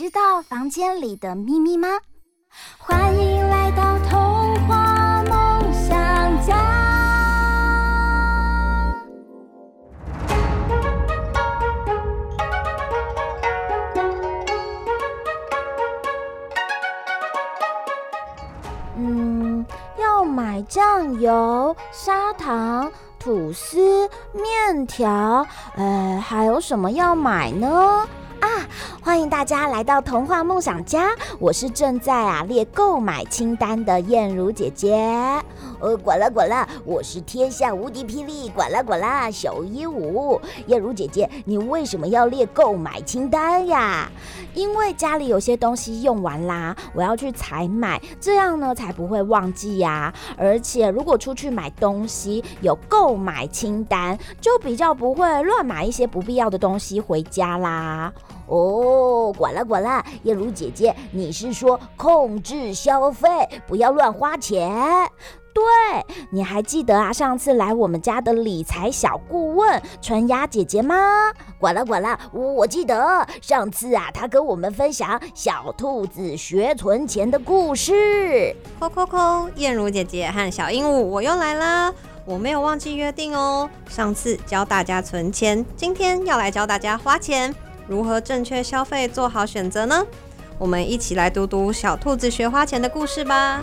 知道房間裡的秘密嗎？歡迎來到童話夢想家。嗯，要買醬油、砂糖、吐司、麵條，呃，還有什麼要買呢？啊！歡迎大家來到童話夢想家，我是正在啊列購買清單的燕如姐姐。呃、哦，管啦，管啦。我是天下無敵霹靂，管啦，管啦。小鸚鵡，燕如姐姐，你為什麼要列購買清單呀？因為家裡有些東西用完啦，我要去採買，這樣呢才不會忘記呀、啊。而且如果出去買東西有購買清單，就比較不會亂買一些不必要的東西回家啦。哦，管啦，管啦。燕如姐姐，你是說控制消費，不要亂花錢？對，你還記得啊，上次來我們家的理財小顧問淳雅姐姐嗎？管了，管了，我記得上次啊，她跟我們分享小兔子學存錢的故事。扣扣扣，燕如姐姐和小鸚鵡，我又來啦！我沒有忘記約定哦。上次教大家存錢，今天要來教大家花錢，如何正確消費，做好選擇呢？我們一起來讀讀小兔子學花錢的故事吧。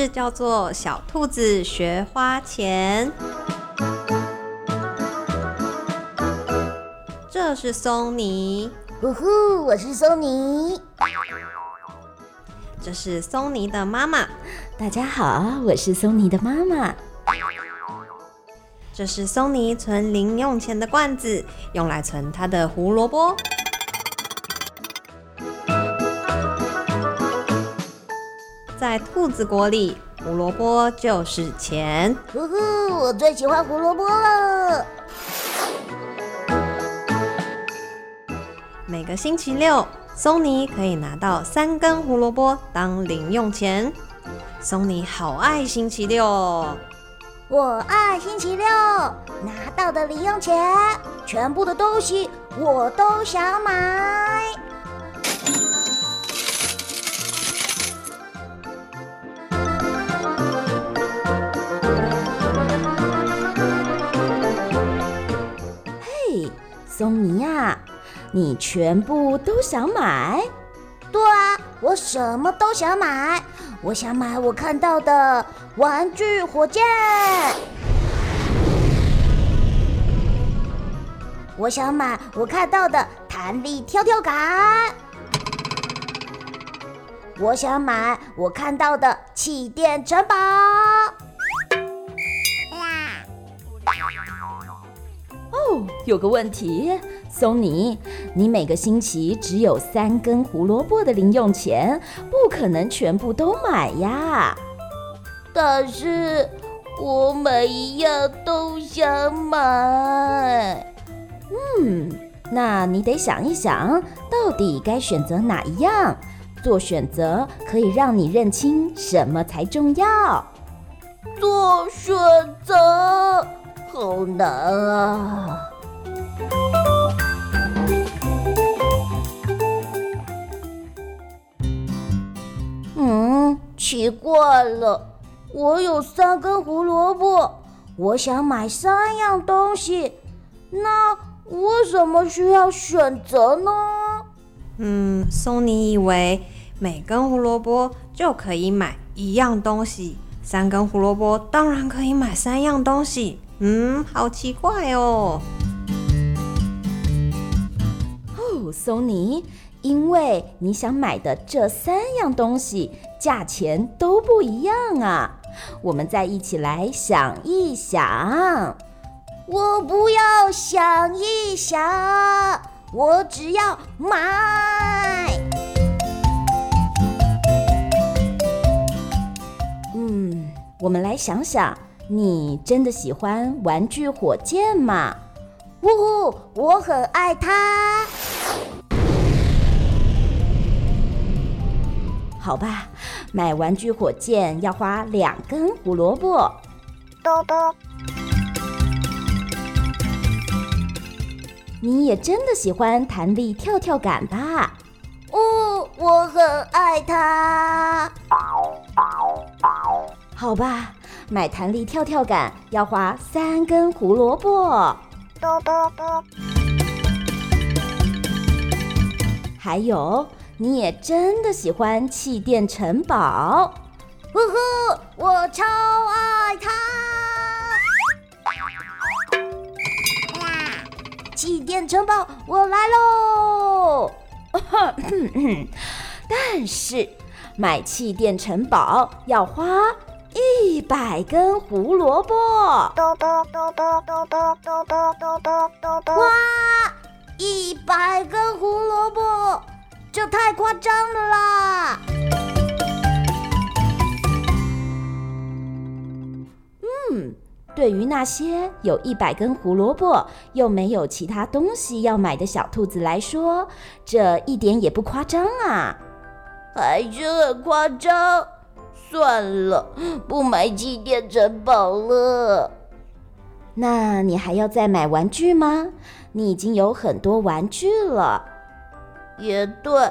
這叫做小兔子學花錢。這是松尼，嗚呼，我是松尼。這是松尼的媽媽，大家好，我是松尼的媽媽。這是松尼存零用錢的罐子，用來存它的胡蘿蔔。在兔子國裡，胡蘿蔔就是錢。呼呼，我最喜歡胡蘿蔔了。每個星期六，松尼可以拿到三根胡蘿蔔當零用錢。松尼好愛星期六。我愛星期六，拿到的零用錢，全部的東西我都想買。松尼呀、啊，你全部都想買？對啊，我什麼都想買。我想買我看到的玩具火箭。我想買我看到的彈力跳跳桿。我想買我看到的氣墊城堡。有個問題，松尼，你每個星期只有三根胡蘿蔔的零用錢，不可能全部都買呀。但是，我每一樣都想買。嗯，那你得想一想，到底該選擇哪一樣？做選擇可以讓你認清什麼才重要。做選擇。好難啊！嗯，奇怪了，我有三根胡蘿蔔，我想買三樣東西，那為什麼需要選擇呢？嗯，松尼以為每根胡蘿蔔就可以買一樣東西，三根胡蘿蔔當然可以買三樣東西。嗯，好奇怪哦。哦，松尼，因為你想買的這三樣東西價錢都不一樣啊，我們再一起來想一想。我不要想一想，我只要買。嗯，我們來想想。你真的喜歡玩具火箭嗎？嗚嗚，我很愛它。好吧，買玩具火箭要花兩根胡蘿蔔。多多。你也真的喜歡彈力跳跳桿吧？嗚，我很愛它。好吧。買彈力跳跳桿要花三根胡蘿蔔，哼哼哼。還有你也真的喜歡氣墊城堡，嗚呼，呼，我超愛它！啊、氣墊城堡我來嘍！ 但是買氣墊城堡要花。一百根胡蘿蔔！哇，一百根胡蘿蔔，這太誇張了啦！嗯，對於那些有一百根胡蘿蔔又沒有其他東西要買的小兔子來說，這一點也不誇張啊，還是很誇張。算了，不買氣墊城堡了。那你還要再買玩具嗎？你已經有很多玩具了。也對，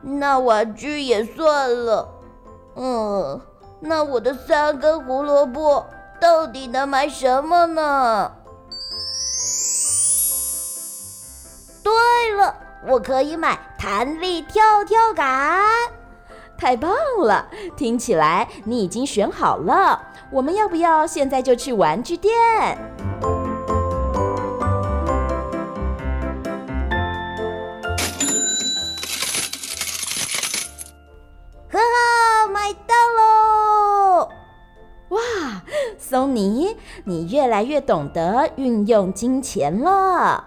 那玩具也算了。嗯，那我的三根胡蘿卜到底能買什麼呢？對了，我可以買彈力跳跳桿。太棒了！聽起來你已經選好了。我們要不要現在就去玩具店？呵呵，買到嘍！哇，松尼，你越來越懂得運用金錢了。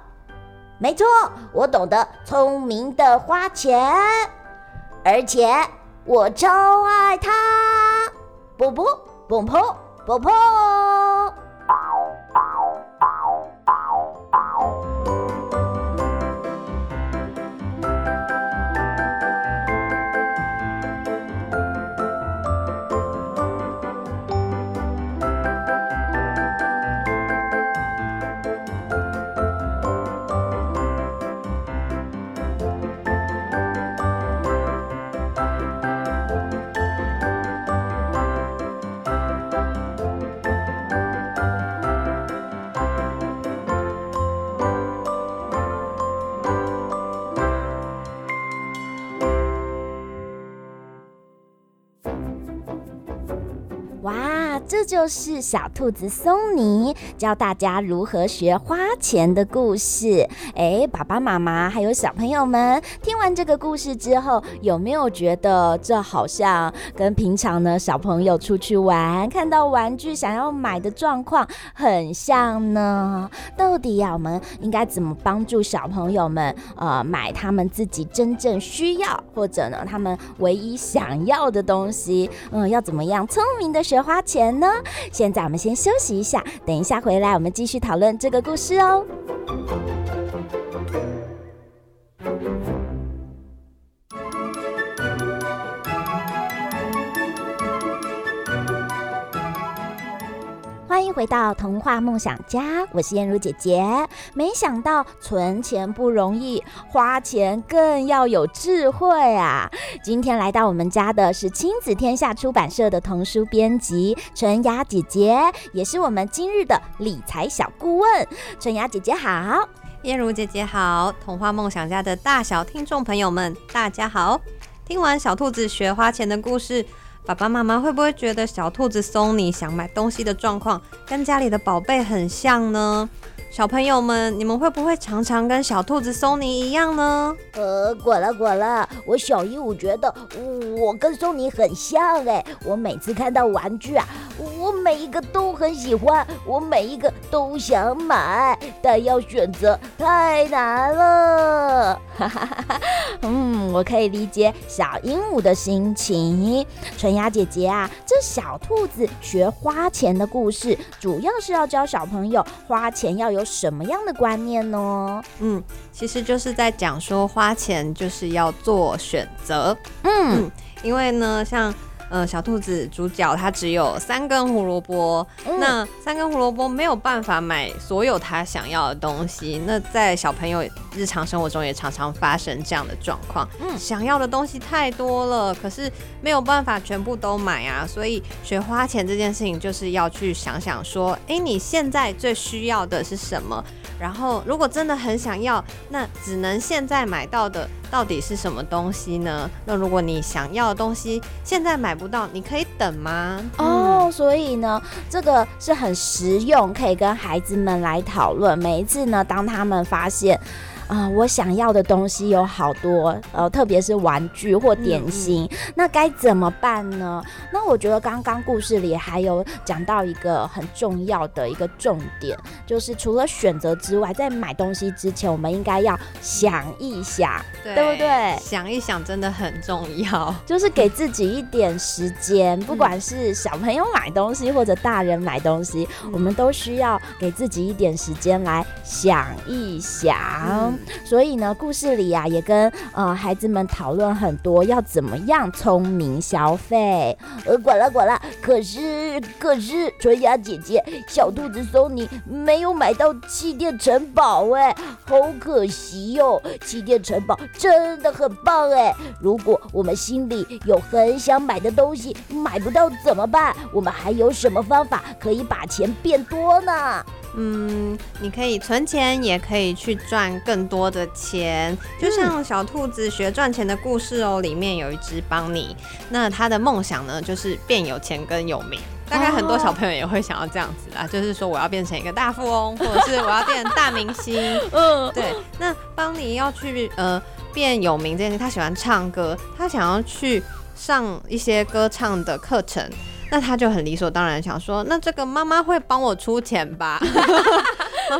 沒錯，我懂得聰明的花錢，而且。我超愛他，啵啵啵啵啵啵。伯伯伯伯就是小兔子松尼教大家如何學花錢的故事。哎、欸，爸爸媽媽還有小朋友們，聽完這個故事之後，有沒有覺得這好像跟平常呢小朋友出去玩看到玩具想要買的狀況很像呢？到底要、啊、我們應該怎麼幫助小朋友們呃買他們自己真正需要或者呢他們唯一想要的東西？嗯、呃，要怎麼樣聰明的學花錢呢？現在我們先休息一下，等一下回來我們繼續討論這個故事哦。歡迎回到童話夢想家，我是燕如姐姐。沒想到存錢不容易，花錢更要有智慧啊！今天來到我們家的是親子天下出版社的童書編輯淳雅姐姐，也是我們今日的理財小顧問。淳雅姐姐好，燕如姐姐好，童話夢想家的大小聽眾朋友們，大家好！聽完小兔子學花錢的故事，爸爸媽媽會不會覺得小兔子松尼想買東西的狀況跟家裡的寶貝很像呢？小朋友們，你們會不會常常跟小兔子松尼一樣呢？呃，果了果了，我小鸚鵡覺得我跟松尼很像哎、欸，我每次看到玩具啊，我每一個都很喜歡，我每一個都想買，但要選擇太難了。哈哈哈哈嗯，我可以理解小鸚鵡的心情。雅、哎、姐姐啊，這小兔子學花錢的故事，主要是要教小朋友花錢要有什麼樣的觀念呢、哦？嗯，其實就是在講說花錢就是要做選擇。嗯，嗯，因為呢，像。呃，小兔子主角他只有三根胡蘿蔔、嗯，那三根胡蘿蔔沒有辦法買所有他想要的東西。那在小朋友日常生活中也常常發生這樣的狀況，嗯，想要的東西太多了，可是沒有辦法全部都買啊。所以學花錢這件事情，就是要去想想說，哎、欸，你現在最需要的是什麼？然後如果真的很想要，那只能現在買到的到底是什麼東西呢？那如果你想要的東西現在買。不到，你可以等嗎？嗯、哦，所以呢，這個是很實用，可以跟孩子們來討論。每一次呢，當他們發現。啊、呃，我想要的東西有好多，呃，特別是玩具或點心，嗯嗯、那該怎麼辦呢？那我覺得剛剛故事裡還有講到一個很重要的一個重點，就是除了選擇之外，在買東西之前，我們應該要想一想，對不對？想一想真的很重要，就是給自己一點時間，不管是小朋友買東西或者大人買東西，嗯、我們都需要給自己一點時間來想一想。嗯所以呢，故事裡呀、啊、也跟呃孩子們討論很多，要怎麼樣聰明消費。呃，滾了滾了。可是可是，淳雅姐姐，小兔子松尼沒有買到氣墊城堡、欸，哎，好可惜喲、哦。氣墊城堡真的很棒哎、欸。如果我們心裡有很想買的東西，買不到怎麼辦？我們還有什麼方法可以把錢變多呢？嗯，你可以存錢，也可以去賺更多的錢、嗯。就像小兔子學賺錢的故事哦、喔，裡面有一隻邦尼，那他的夢想呢，就是變有錢跟有名、哦。大概很多小朋友也會想要這樣子啊，就是說我要變成一個大富翁，或者是我要變大明星。嗯， 對。那邦尼要去呃變有名這件事，他喜歡唱歌，他想要去上一些歌唱的課程。那他就很理所當然想說，那這個媽媽會幫我出錢吧。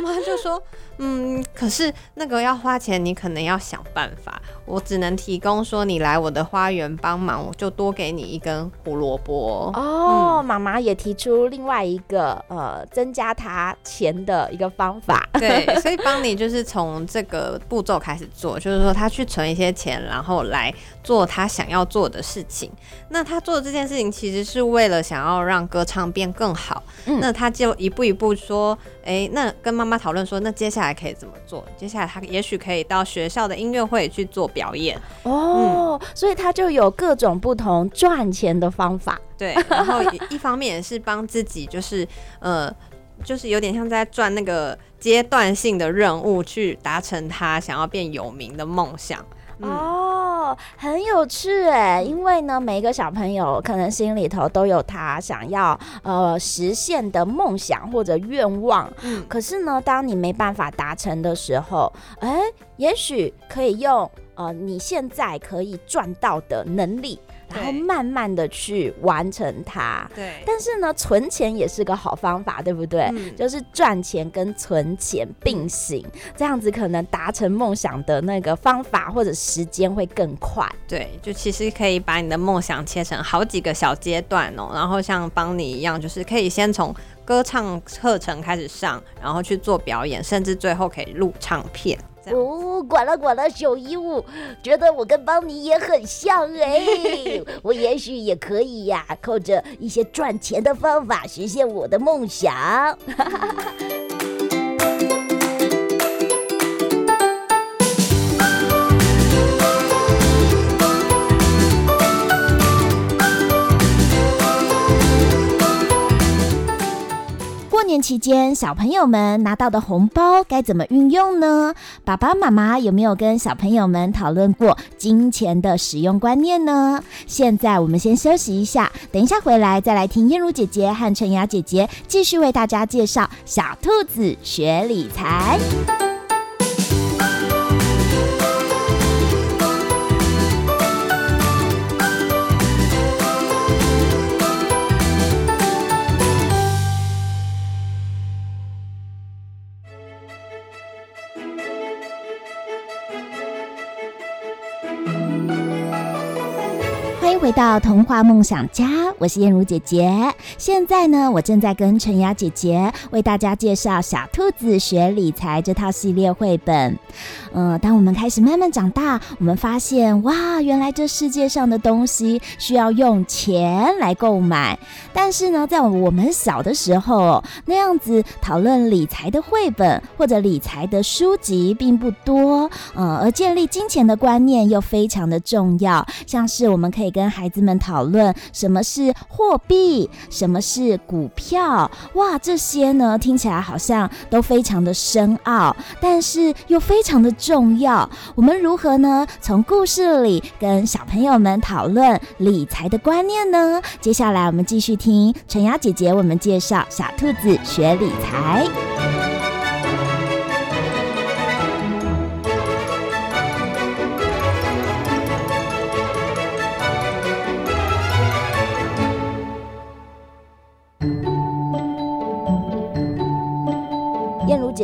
媽媽就說：“嗯，可是那個要花錢，你可能要想辦法。我只能提供說，你來我的花園幫忙，我就多給你一根胡蘿蔔。”哦，媽、嗯、媽也提出另外一個呃，增加他錢的一個方法。對，所以邦尼就是從這個步驟開始做， 就是說他去存一些錢，然後來做他想要做的事情。那他做這件事情，其實是為了想要讓歌唱變更好、嗯。那他就一步一步說：“哎、欸，那跟媽。”媽媽討論說：“那接下來可以怎麼做？接下來他也許可以到學校的音樂會去做表演哦、oh, 嗯，所以他就有各種不同賺錢的方法。對，然後一, 一方面也是幫自己，就是呃，就是有點像在賺那個階段性的任務，去達成他想要變有名的夢想。嗯”哦、oh.。很有趣誒，因為呢，每一個小朋友可能心裡頭都有他想要呃實現的夢想或者願望，可是呢，當你沒辦法達成的時候，誒，也許可以用呃你現在可以賺到的能力。然後慢慢的去完成它。對。但是呢，存錢也是個好方法，對不對？嗯。就是賺錢跟存錢並行。嗯，這樣子可能達成夢想的那個方法或者時間會更快。對，就其實可以把你的夢想切成好幾個小階段哦。然後像幫你一樣，就是可以先從歌唱課程開始上，然後去做表演，甚至最後可以錄唱片。哦，管了管了，小衣物，覺得我跟邦尼也很像哎， 我也許也可以呀、啊，靠着一些賺錢的方法實現我的夢想。 過年期間，小朋友們拿到的紅包該怎麼運用呢？爸爸媽媽有沒有跟小朋友們討論過金錢的使用觀念呢？現在我們先休息一下，等一下回來再來聽燕如姐姐和淳雅姐姐繼續為大家介紹小兔子學理財。回到童話夢想家，我是燕如姐姐。現在呢，我正在跟淳雅姐姐為大家介紹《小兔子學理財》這套系列繪本。嗯、呃，當我們開始慢慢長大，我們發現哇，原來這世界上的東西需要用錢來購買。但是呢，在我們小的時候，那樣子討論理財的繪本或者理財的書籍並不多。嗯、呃，而建立金錢的觀念又非常的重要，像是我們可以跟孩子們討論什麼是貨幣，什麼是股票，哇，這些呢聽起來好像都非常的深奧，但是又非常的重要。我們如何呢？從故事裡跟小朋友們討論理財的觀念呢？接下來我們繼續聽淳雅姐姐為我們介紹小兔子學理財。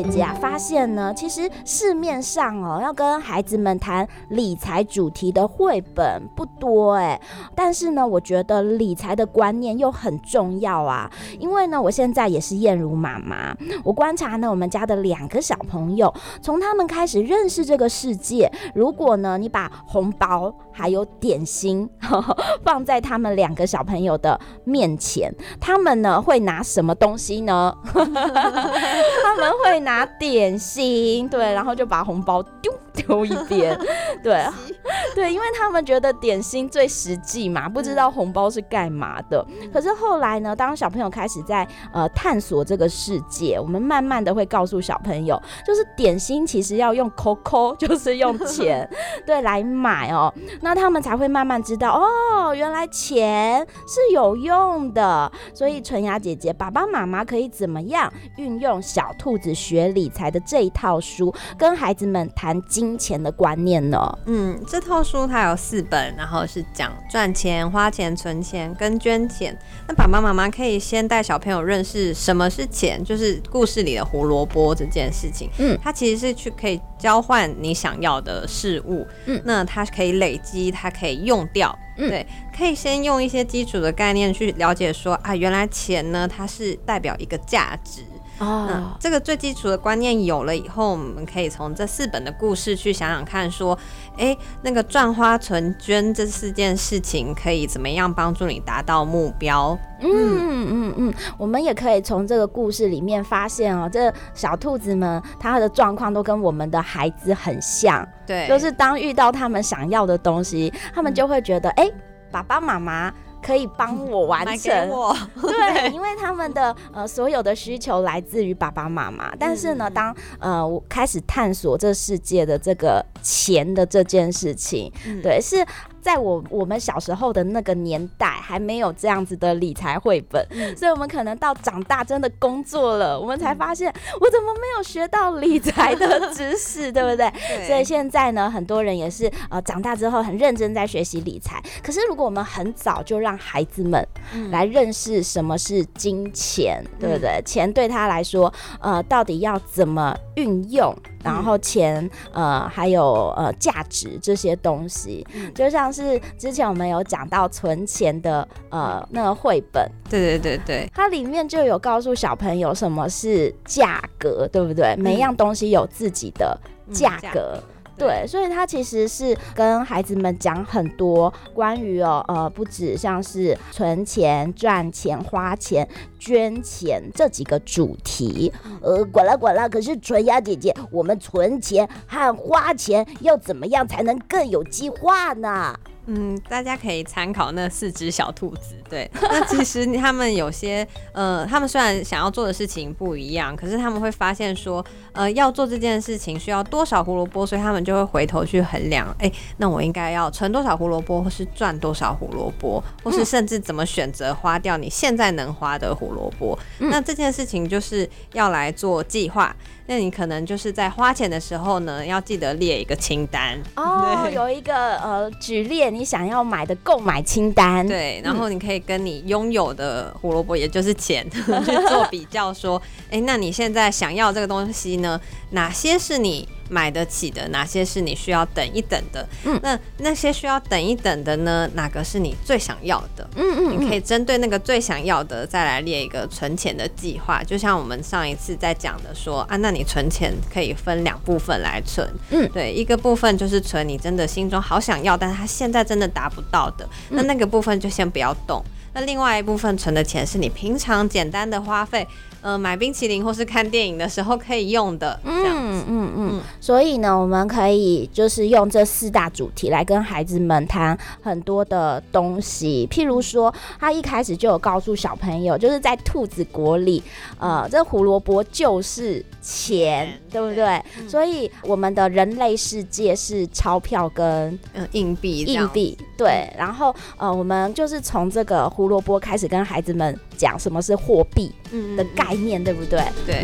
姐姐啊，發現呢，其實市面上哦，要跟孩子們談理財主題的繪本不多哎、欸。但是呢，我覺得理財的觀念又很重要啊。因為呢，我現在也是燕如媽媽，我觀察呢，我們家的兩個小朋友，從他們開始認識這個世界，如果呢，你把紅包還有點心呵呵放在他們兩個小朋友的面前，他們呢會拿什麼東西呢？ 他們會拿。拿點心，對，然後就把紅包丟。丟一邊，對，對，因為他們覺得點心最實際嘛，不知道紅包是幹嘛的、嗯。可是後來呢，當小朋友開始在呃探索這個世界，我們慢慢的會告訴小朋友，就是點心其實要用 coco，就是用錢， 對，來買哦、喔，那他們才會慢慢知道，哦，原來錢是有用的。所以淳雅姐姐，爸爸媽媽可以怎麼樣運用《小兔子學理財》的這一套書，跟孩子們談經。金錢的觀念呢、哦？嗯，這套書它有四本，然後是講賺錢、花錢、存錢跟捐錢。那爸爸媽媽可以先帶小朋友認識什麼是錢，就是故事裡的胡蘿蔔這件事情。嗯，它其實是去可以交換你想要的事物。嗯，那它可以累積，它可以用掉。嗯，對，可以先用一些基礎的概念，去了解說，說啊，原來錢呢，它是代表一個價值。哦、oh. 嗯，這個最基礎的觀念有了以後，我們可以從這四本的故事去想想看，說，哎、欸，那個賺、花、存捐這四件事情，可以怎麼樣幫助你達到目標？嗯嗯嗯，嗯我們也可以從這個故事裡面發現哦、喔，這個、小兔子們它的狀況都跟我們的孩子很像，對，就是當遇到他們想要的東西，他們就會覺得，哎、嗯欸，爸爸媽媽。可以幫我完成買給我，對，對，因為他們的呃所有的需求來自於爸爸媽媽、嗯，但是呢，當呃我開始探索這世界的這個錢的這件事情，嗯、對，是。在我我們小時候的那個年代，還沒有這樣子的理財繪本、嗯，所以我們可能到長大真的工作了，我們才發現、嗯、我怎麼沒有學到理財的知識， 對不對？對。所以現在呢，很多人也是呃長大之後很認真在學習理財。可是如果我們很早就讓孩子們來認識什麼是金錢，嗯、對不對？錢對他來說，呃，到底要怎麼運用？然後錢、嗯，呃，還有呃價值這些東西、嗯，就像是之前我們有講到存錢的，呃，那個繪本，對對對對，它裡面就有告訴小朋友什麼是價格，對不對？嗯、每一樣東西有自己的價格。嗯對，所以他其實是跟孩子們講很多關於哦，呃，不止像是存錢、賺錢、花錢、捐錢這幾個主題，呃，管啦管啦。可是淳雅姐姐，我們存錢和花錢要怎麼樣才能更有計劃呢？嗯，大家可以參考那四隻小兔子，對， 那其實他們有些，呃，他們雖然想要做的事情不一樣，可是他們會發現說，呃，要做這件事情需要多少胡蘿蔔，所以他們就會回頭去衡量，哎、欸，那我應該要存多少胡蘿蔔，或是賺多少胡蘿蔔，或是甚至怎麼選擇花掉你現在能花的胡蘿蔔、嗯。那這件事情就是要來做計劃，那你可能就是在花錢的時候呢，要記得列一個清單。哦、oh,，有一個呃，只列你想要買的購買清單，對，然後你可以跟你擁有的胡蘿蔔，嗯，也就是錢去做比較，說，誒、 欸，那你現在想要這個東西呢？哪些是你？買得起的，哪些是你需要等一等的？嗯。那那些需要等一等的呢？哪個是你最想要的？嗯嗯，嗯，你可以針對那個最想要的再來列一個存錢的計劃。就像我們上一次在講的說，說啊，那你存錢可以分兩部分來存。嗯，對，一個部分就是存你真的心中好想要，但是他現在真的達不到的，那那個部分就先不要動。嗯。那另外一部分存的錢是你平常簡單的花費。呃，買冰淇淋或是看電影的時候可以用的，這樣子。嗯嗯嗯。所以呢，我們可以就是用這四大主題來跟孩子們談很多的東西，譬如說，他一開始就有告訴小朋友，就是在兔子國裡，呃，這胡蘿蔔就是錢，對，對不對？對、嗯。所以我們的人類世界是鈔票跟硬幣、嗯，硬幣。對。然後，呃，我們就是從這個胡蘿蔔開始跟孩子們。講什麼是貨幣的概念，嗯，對不對？對。哎，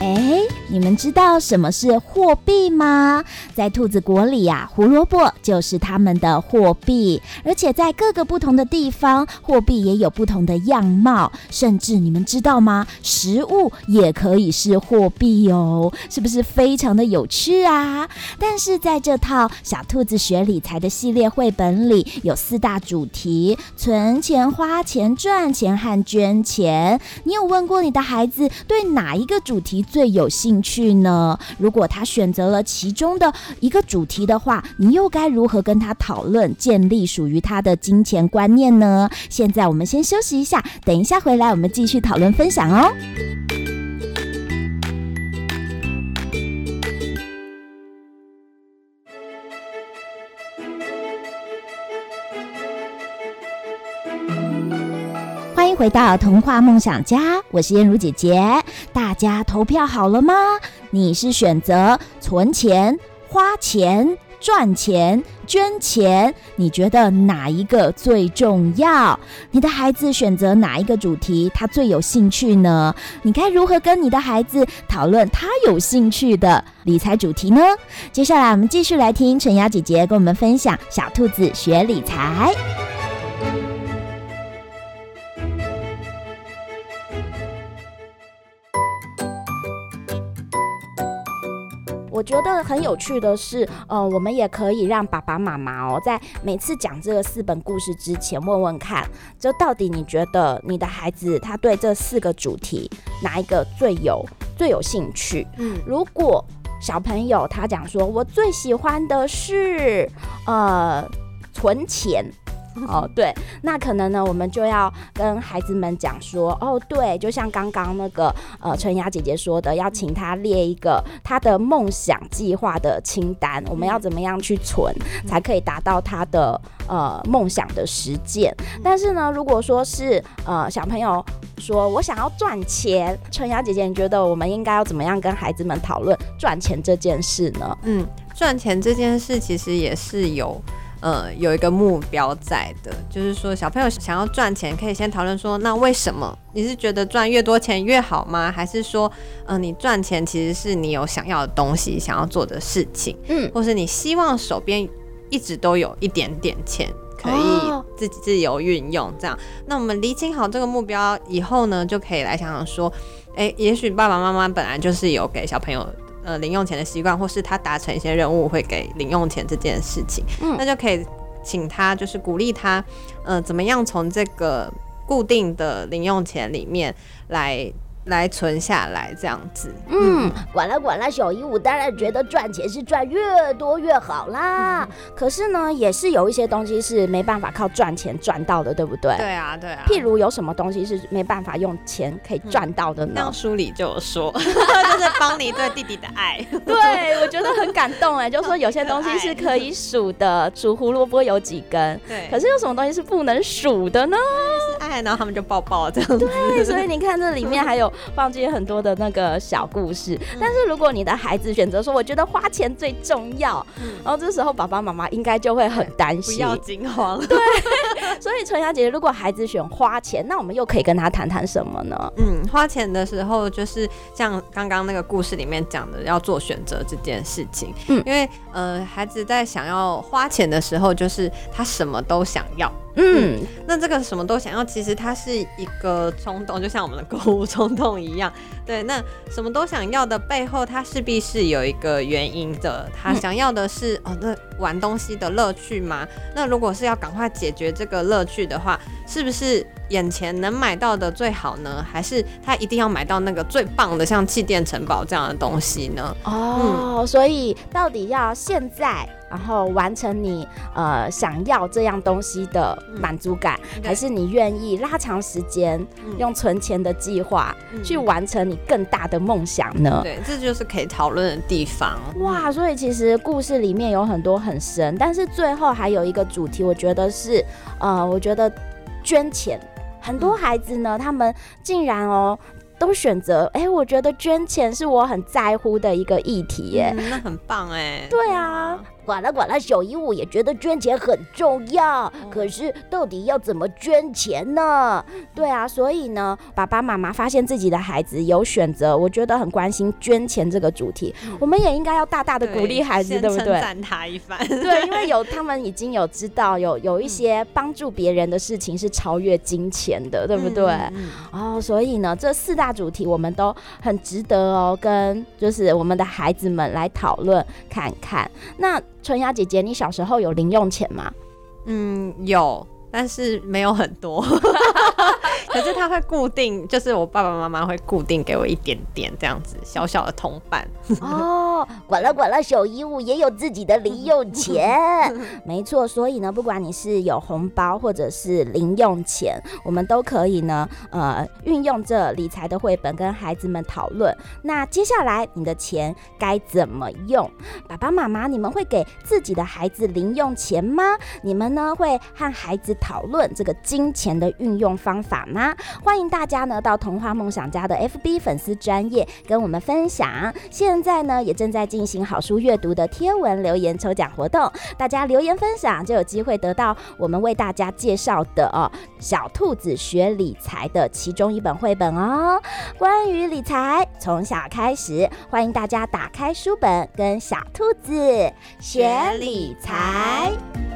嗯。欸你們知道什麼是貨幣嗎？在兔子國裡呀、啊，胡蘿蔔就是他們的貨幣，而且在各個不同的地方，貨幣也有不同的樣貌。甚至你們知道嗎？食物也可以是貨幣喲、哦，是不是非常的有趣啊？但是在這套小兔子學理財的系列繪本裡，有四大主題：存錢、花錢、賺錢和捐錢。你有問過你的孩子對哪一個主題最有興去呢？如果他選擇了其中的一個主題的話，你又該如何跟他討論，建立屬於他的金錢觀念呢？現在我們先休息一下，等一下回來我們繼續討論分享哦。回到童話夢想家，我是燕如姐姐。大家投票好了嗎？你是選擇存錢、花錢、賺錢、捐錢？你覺得哪一個最重要？你的孩子選擇哪一個主題他最有興趣呢？你該如何跟你的孩子討論他有興趣的理財主題呢？接下來我們繼續來聽淳雅姐姐跟我們分享《小兔子學理財》。我覺得很有趣的是，呃，我們也可以讓爸爸媽媽哦，在每次講這個四本故事之前，問問看，就到底你覺得你的孩子他對這四個主題哪一個最有最有興趣？嗯，如果小朋友他講說，我最喜歡的是呃存錢。 哦，對，那可能呢，我們就要跟孩子們講說，哦，對，就像剛剛那個呃，淳雅姐姐說的，要請他列一個他的夢想計劃的清單，我們要怎麼樣去存，才可以達到他的呃夢想的實踐。但是呢，如果說是呃小朋友說我想要賺錢，淳雅姐姐，你覺得我們應該要怎麼樣跟孩子們討論賺錢這件事呢？嗯，賺錢這件事其實也是有。呃，有一個目標在的，就是說小朋友想要賺錢，可以先討論說，那為什麼你是覺得賺越多錢越好嗎？還是說，嗯、呃，你賺錢其實是你有想要的東西，想要做的事情，嗯，或是你希望手邊一直都有一點點錢，可以自己自由運用這樣。哦、那我們釐清好這個目標以後呢，就可以來想想說，誒、欸，也許爸爸媽媽本來就是有給小朋友。呃，零用錢的習慣，或是他達成一些任務會給零用錢這件事情，那就可以請他，就是鼓勵他，呃，怎麼樣從這個固定的零用錢裡面來。來存下來這樣子，嗯，管了管了小姨，我當然覺得賺錢是賺越多越好啦、嗯。可是呢，也是有一些東西是沒辦法靠賺錢賺到的，對不對？對啊對啊。譬如有什麼東西是沒辦法用錢可以賺到的呢？那、嗯、書裡就有說， 就是邦尼對弟弟的愛。 對，我覺得很感動哎。就說有些東西是可以數的，數 胡蘿蔔有幾根。對。可是有什麼東西是不能數的呢？是愛，然後他們就抱抱這樣子。對，所以你看這裡面還有。放進很多的那個小故事，嗯，但是如果你的孩子選擇說“我覺得花錢最重要”，嗯，然後這時候爸爸媽媽應該就會很擔心。欸，不要驚慌， 對。 所以，淳雅姐姐，如果孩子喜歡花錢，那我們又可以跟他談談什麼呢？嗯，花錢的時候，就是像剛剛那個故事裡面講的，要做選擇這件事情。嗯，因為呃，孩子在想要花錢的時候，就是他什麼都想要。嗯，那這個什麼都想要，其實它是一個衝動，就像我們的購物衝動一樣。對，那什麼都想要的背後，它勢必是有一個原因的。他想要的是、嗯、哦，那。玩東西的樂趣嗎？那如果是要趕快解決這個樂趣的話，是不是眼前能買到的最好呢？還是他一定要買到那個最棒的，像氣墊城堡這樣的東西呢？哦，嗯，所以到底要現在？然後完成你呃想要這樣東西的滿足感，嗯、還是你願意拉長時間，嗯，用存錢的計劃，嗯，去完成你更大的夢想呢？對，這就是可以討論的地方。哇，所以其實故事裡面有很多很深，嗯、但是最後還有一個主題，嗯、我覺得是呃，我覺得捐錢。很多孩子呢，他們竟然哦都選擇，哎，我覺得捐錢是我很在乎的一個議題耶。嗯，那很棒哎。對啊。嗯管了管了，小姨我也覺得捐錢很重要。哦，可是到底要怎麼捐錢呢哦？對啊，所以呢，爸爸媽媽發現自己的孩子有選擇，我覺得很關心捐錢這個主題，嗯、我們也應該要大大的鼓勵孩子，對，對不對？稱讚他一番。 對，因為有他們已經有知道有有一些幫助別人的事情是超越金錢的，嗯、對不對嗯？哦，所以呢，這四大主題我們都很值得哦，跟就是我們的孩子們來討論看看。那。淳雅姐姐，你小時候有零用錢嗎？嗯，有，但是沒有很多。 可是他會固定，就是我爸爸媽媽會固定給我一點點這樣子小小的同伴哦，管了管了，小衣物也有自己的零用錢， 沒錯。所以呢，不管你是有紅包或者是零用錢，我們都可以呢，呃，運用這理財的繪本跟孩子們討論。那接下來你的錢該怎麼用？爸爸媽媽，你們會給自己的孩子零用錢嗎？你們呢，會和孩子討論這個金錢的運用方法嗎？歡迎大家呢，到童話夢想家的 FB 粉絲專頁跟我們分享。現在呢，也正在進行好書閱讀的貼文留言抽獎活動，大家留言分享就有機會得到我們為大家介紹的哦，小兔子學理財的其中一本繪本哦。關於理財從小開始，歡迎大家打開書本跟小兔子學理財。